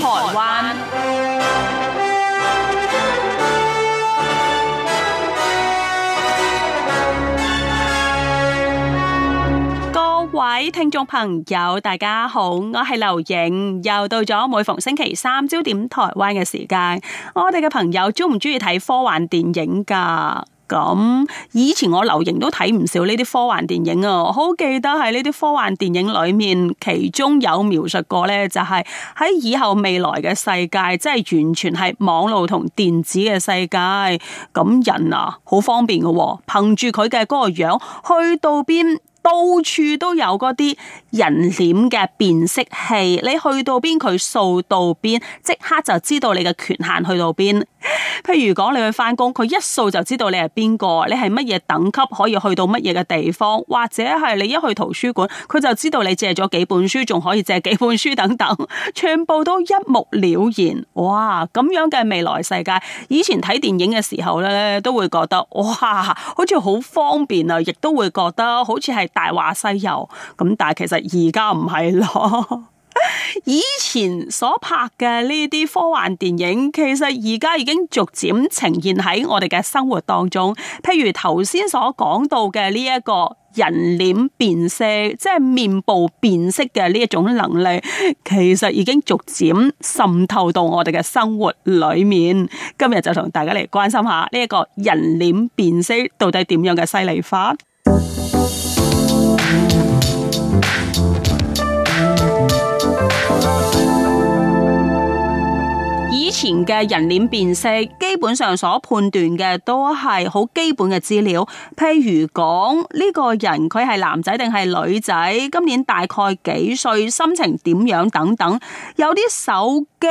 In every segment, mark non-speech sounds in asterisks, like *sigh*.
台灣，各位聽眾朋友，大家好，我係劉瑩，又到咗每逢星期三焦點台灣嘅時間。我哋嘅朋友鍾唔鍾意睇科幻電影㗎？咁以前我留形都睇唔少呢啲科幻電影啊，我好記得喺呢啲科幻電影裏面，其中有描述過呢，就係喺以後未來嘅世界，即係完全係網絡同電子嘅世界。咁人啊，好方便噶喎，憑住佢嘅嗰個樣，去到邊到處都有嗰啲人臉嘅辨識器，你去到邊佢掃到邊，即刻就知道你嘅權限去到邊。譬如講你去返工，佢一掃就知道你係邊個，你係乜嘢等級，可以去到乜嘢嘅地方，或者係你一去圖書館，佢就知道你借咗幾本書，仲可以借幾本書等等，全部都一目了然。哇！咁樣嘅未來世界，以前睇電影嘅時候咧，都會覺得哇，好似好方便啊，亦都會覺得好似係大話西遊咁，但係其實而家唔係咯。以前所拍嘅呢啲科幻電影，其實而家已經逐漸呈現喺我哋嘅生活當中。譬如頭先所講到嘅呢一個人臉辨識，即係面部辨識嘅呢一種能力，其實已經逐漸滲透到我哋嘅生活裏面。今日就同大家嚟關心下呢一個人臉辨識到底點樣嘅犀利法。前嘅人臉辨識，基本上所判斷嘅都係好基本嘅資料，譬如講呢個人佢係男仔定係女仔，今年大概幾歲，心情點樣等等。有啲手機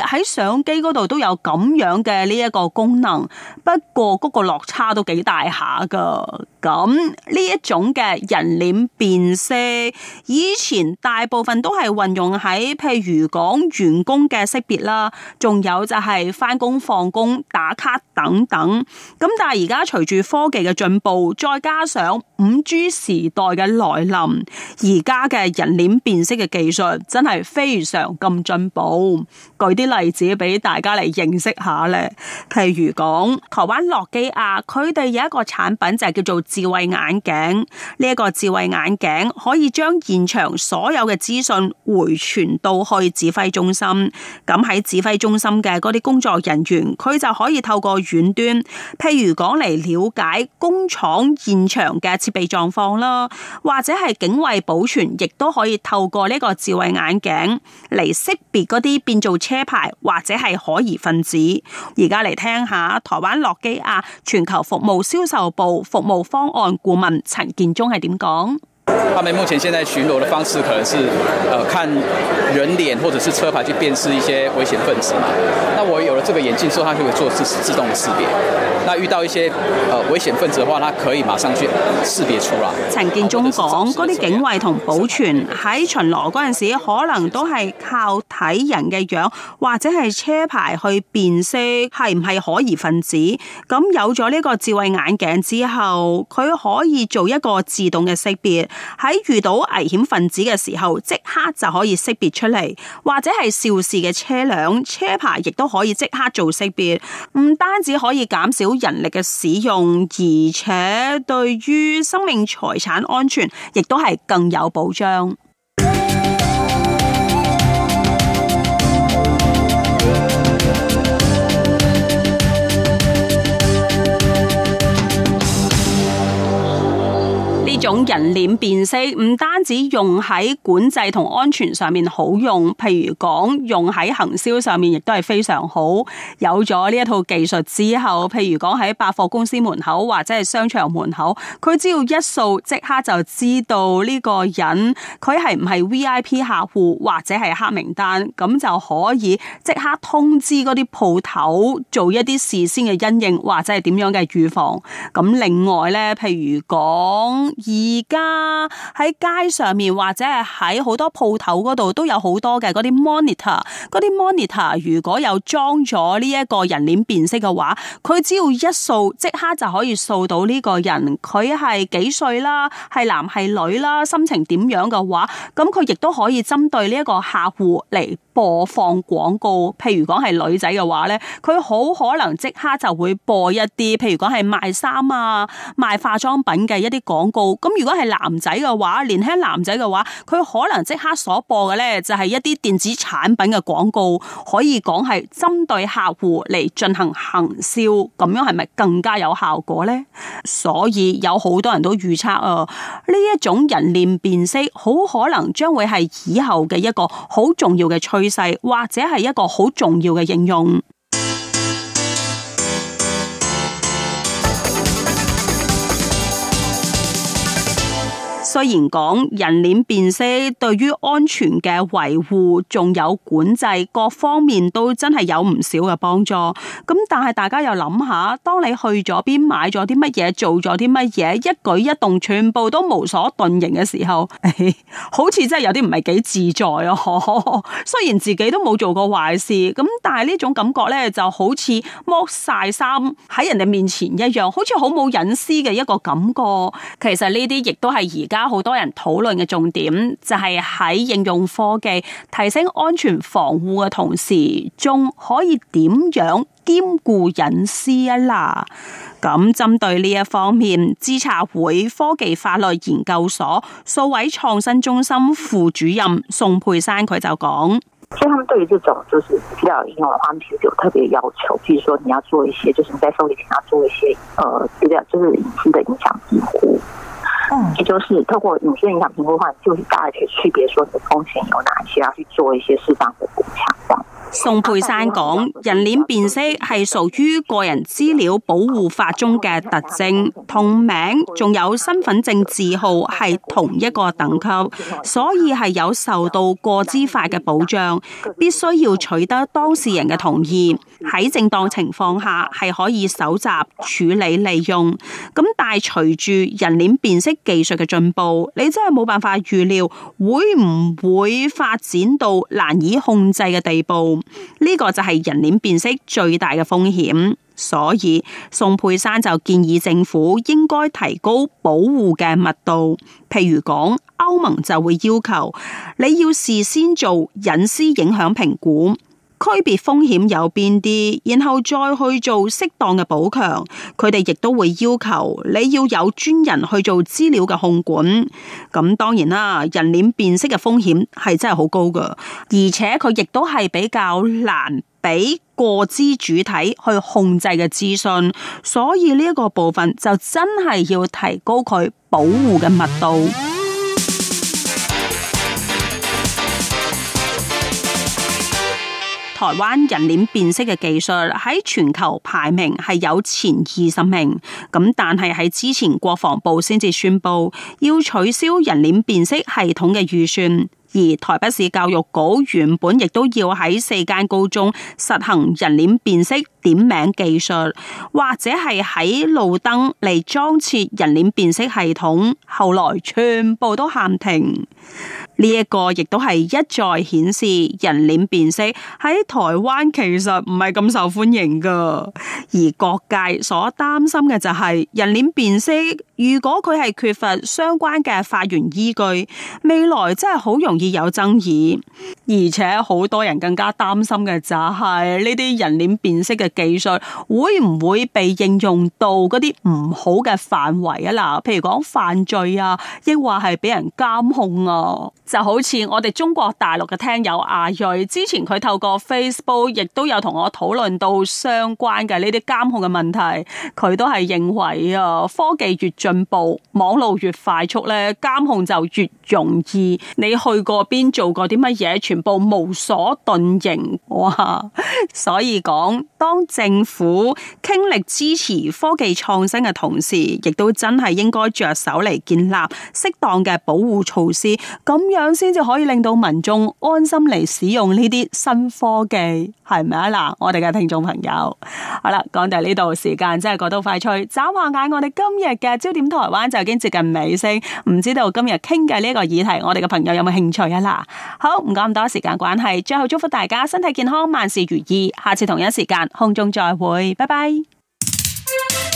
喺相機嗰度都有咁樣嘅呢一個功能，不過嗰個落差都幾大下噶。咁呢一種嘅人臉辨識，以前大部分都係運用喺譬如講員工嘅識別啦，仲。有就係返工、放工、打卡等等。咁但係而家隨住科技嘅進步，再加上五 G 時代嘅來臨，而家嘅人臉辨識嘅技術真係非常咁進步。舉啲例子俾大家嚟認識下咧，譬如講台灣諾基亞，佢哋有一個產品就係叫做智慧眼鏡。呢一個智慧眼鏡可以將現場所有嘅資訊回傳到去指揮中心。咁喺指揮中心嘅嗰啲工作人員，佢就可以透過遠端，譬如講嚟了解工廠現場嘅設備狀況啦，或者係警衛保全亦都可以透過呢個智慧眼鏡嚟識別嗰啲變造車牌或者係可疑分子。而家嚟聽下台灣諾基亞全球服務銷售部服務方案顧問陳建忠係點講。他們目前現在巡邏的方式可能是，呃，看人臉或者是車牌去辨識一些危險分子嘛。那我有了這個眼鏡之後，它就會做自自動的識別。那遇到一些，呃，危險分子的話，它可以馬上去識別出來。陳建忠講：嗰啲警衛同保全喺巡邏嗰陣時，可能都係靠睇人嘅樣或者係車牌去辨識係唔係可疑分子。咁有咗呢個智慧眼鏡之後，佢可以做一個自動嘅識別。喺遇到危險分子嘅時候，即刻就可以識別出嚟，或者係肇事嘅車輛，車牌亦都可以即刻做識別。唔單止可以減少人力嘅使用，而且對於生命財產安全，亦都係更有保障。人臉辨識唔單止用喺管制同安全上面好用，譬如講用喺行銷上面亦都係非常好。有咗呢一套技術之後，譬如講喺百貨公司門口或者係商場門口，佢只要一掃，即刻就知道呢個人佢係唔係 VIP 客戶或者係黑名單，咁就可以即刻通知嗰啲鋪頭做一啲事先嘅因應或者係點樣嘅預防。咁另外咧，譬如講而家喺街上面或者係喺好多鋪頭嗰度都有好多嘅嗰啲 monitor，嗰啲 monitor 如果有裝咗呢一個人臉辨識嘅話，佢只要一掃，即刻就可以掃到呢個人，佢係幾歲啦，係男係女啦，心情點樣嘅話，咁佢亦都可以針對呢一個客戶嚟播放廣告，譬如講係女仔嘅話咧，佢好可能即刻就會播一啲，譬如講係賣衫啊、賣化妝品嘅一啲廣告。咁如果係男仔嘅話，年輕男仔嘅話，佢可能即刻所播嘅咧就係一啲電子產品嘅廣告。可以講係針對客戶嚟進行行銷，咁樣係咪更加有效果咧？所以有好多人都預測啊，呢一種人臉辨識好可能將會係以後嘅一個好重要嘅趨趨或者係一個好重要嘅應用。雖然講人臉辨識對於安全嘅維護仲有管制，各方面都真係有唔少嘅幫助。咁但係大家又諗下，當你去咗邊買咗啲乜嘢，做咗啲乜嘢，一舉一動全部都無所遁形嘅時候，哎，好似真係有啲唔係幾自在哦，啊。雖然自己都冇做過壞事，咁但係呢種感覺呢就好似剝晒衫喺人哋面前一樣，好似好冇隱私嘅一個感覺。其實呢啲亦都係而家。好多人討論嘅重點就係喺應用科技提升安全防護嘅同時，仲可以點樣兼顧隱私啊？啦咁針對呢一方面，資查會科技法律研究所數位創新中心副主任宋佩珊佢就講：，所以他們對於這種就是比較應用安全有特別要求，譬如說你要做一些，就是你在受理前要做一些，呃，比較就是隱私的影響評估。也就是透過某些影響評估，話就大家去區別，說什麼風險有哪些，然後去做一些適當的補強。宋佩珊講，人臉辨識係屬於個人資料保護法中嘅特徵，同名仲有身份證字號係同一個等級，所以係有受到過資法嘅保障，必須要取得當事人嘅同意。喺正當情況下，係可以搜集、處理、利用。咁但係隨住人臉辨識。技術嘅進步，你真係冇辦法預料會唔會發展到難以控制嘅地步。呢、這個就係人臉辨識最大嘅風險。所以宋佩珊就建議政府應該提高保護嘅密度，譬如講歐盟就會要求你要事先做隱私影響評估。區別風險有邊啲，然後再去做適當嘅補強。佢哋亦都會要求你要有專人去做資料嘅控管。咁當然啦，人臉辨識嘅風險係真係好高㗎，而且佢亦都係比較難俾個資主體去控制嘅資訊。所以呢一個部分就真係要提高佢保護嘅密度。台灣人臉辨識嘅技術喺全球排名係有前二十名，咁但係喺之前國防部先至宣布要取消人臉辨識系統嘅預算，而台北市教育局原本亦都要喺四間高中實行人臉辨識點名技術，或者係喺路燈嚟裝設人臉辨識系統，後來全部都喊停。呢一個亦都係一再顯示人臉辨識喺台灣其實唔係咁受歡迎噶，而各界所擔心嘅就係人臉辨識如果佢係缺乏相關嘅法源依據，未來真係好容易有爭議。而且好多人更加擔心嘅就係呢啲人臉辨識嘅技術會唔會被應用到嗰啲唔好嘅範圍啊？嗱，譬如講犯罪啊，抑或係俾人監控啊。就好似我哋中國大陸嘅聽友阿銳，之前佢透過 Facebook 亦都有同我討論到相關嘅呢啲監控嘅問題，佢都係認為啊，科技越進步，網路越快速咧，監控就越容易。你去過邊做過啲乜嘢，全部無所遁形哇！所以講，當政府傾力支持科技創新嘅同時，亦都真係應該着手嚟建立適當嘅保護措施咁。咁樣先至可以令到民眾安心嚟使用呢啲新科技，係咪啊嗱？我哋嘅聽眾朋友，好啦，講到呢度時間真係過到快脆，眨下眼我哋今日嘅焦點台灣就已經接近尾聲，唔知道今日傾偈呢個議題，我哋嘅朋友有冇興趣啊嗱？好，唔講咁多，時間關係，最後祝福大家身體健康，萬事如意，下次同一時間空中再會，拜拜。 *music*